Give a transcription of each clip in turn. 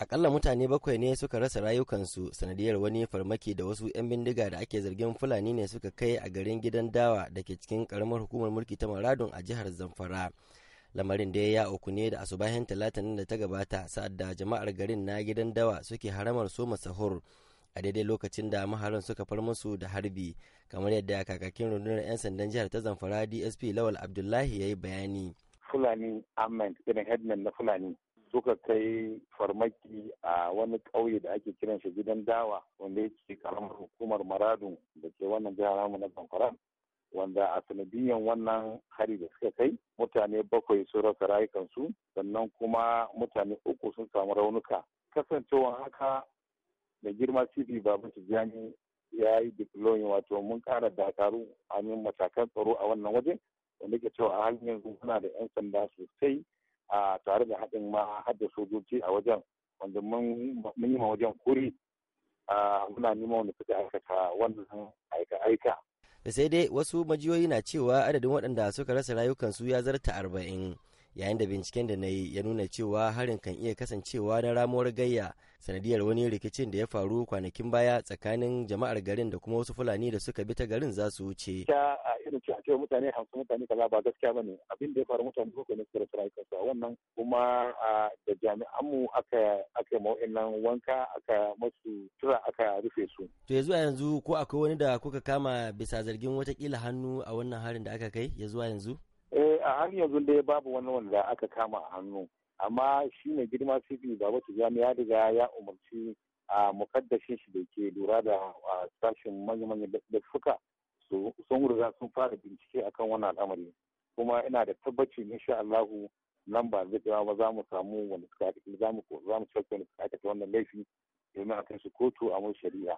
akalla mutane bakwai ne suka rasa rayukansu sanadiyar wani farmaki da wasu 'yan bindiga da ake zargin fulani ne suka kai a garin gidan dawa da ke cikin karamar hukumar mulki ta maradun a jihar zamfara lamarin da ya uku ne da asubahin talatin da ta gabata sa'ad da jama'ar garin na gidan dawa suke haramar soma sahur a daidai lokacin da maharan suka far musu da harbi kamar yadda kakakin rundunar 'yan sandan jihar ta zamfara dsp lawal abdullahi ya yi bayani fulani ahmed irin headman na fulani suka kai farmaki wani ƙauye da ake kiran shi gidan dawa wanda yake karamar hukumar maradun da ke wannan jihar mu na zamfara wanda a sanadiyan wannan hari da suka kai mutane bakwai sun rasa rayukansu sannan kuma mutane uku sun samu raunuka kasancewar haka da girma cv babu tijjani ya yi deploying wato mun kara dakaru a matakan tsaro a wannan waje wanda ke cewa a halin yanzu muna da 'yan sanda sosai a tare da haɗin ma hada sojoji a wajen wanda mun yi ma wajen kuri muna nima wanda suka aikata wannan aika-aika. sai dai wasu majiyoyi na cewa adadin waɗanda suka rasa rayukansu ya zarta arba'in yayin da binciken da na yi ya nuna cewa harin kan iya kasancewa na ramuwar gayya sanadiyar wani rikicin da ya faru kwanakin baya tsakanin jama'ar garin da kuma wasu fulani da suka bi ta garin za su wuce. irin ce a ce mutane hamsin mutane kaza ba gaskiya bane abin da ya faru mutane uku ne suka rasa a wannan kuma da jami'an mu aka aka ma'o'in wanka aka masu tura aka rufe su. To ya zuwa yanzu ko akwai wani da kuka kama bisa zargin watakila hannu a wannan harin da aka kai ya zuwa yanzu? Eh a har yanzu dai babu wani wanda aka kama a hannu amma shi ne girma cv baba tijjani ya riga ya umarci a mukaddashin shi da ke lura da sashen manya-manya da suka su sun riga sun fara bincike akan wannan al'amari kuma ina da tabbaci insha Allahu nan ba zai ba za mu samu wani suka za mu za mu cece wanda suka wannan laifi domin a kai su kotu a mu shari'a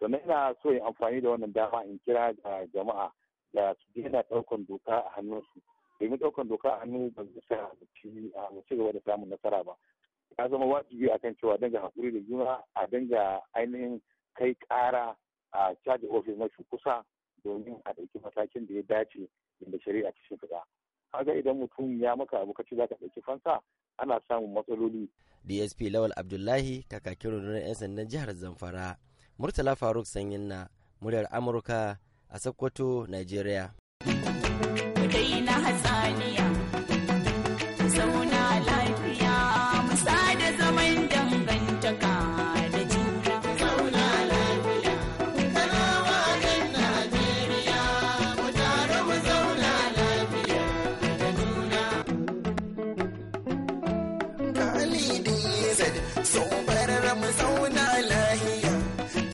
sannan ina so in amfani da wannan dama in kira ga jama'a da su daina ɗaukan doka a hannunsu domin ɗaukan doka a hannu ba zai sa mu ci gaba da samun nasara ba ya zama wajibi akan cewa danga hakuri da juna a danga ainihin kai ƙara a caji ofis na kusa domin a ɗauki matakin da ya dace inda shari'a ta shimfiɗa kaga idan mutum ya maka abu kaci za ka ɗauki fansa ana samun matsaloli dsp lawal abdullahi kakakin rundunar 'yan sandan jihar zamfara murtala faruk sanyin na muryar amurka a sokoto nigeria kai na hatsaniya wali dizar sau farar mu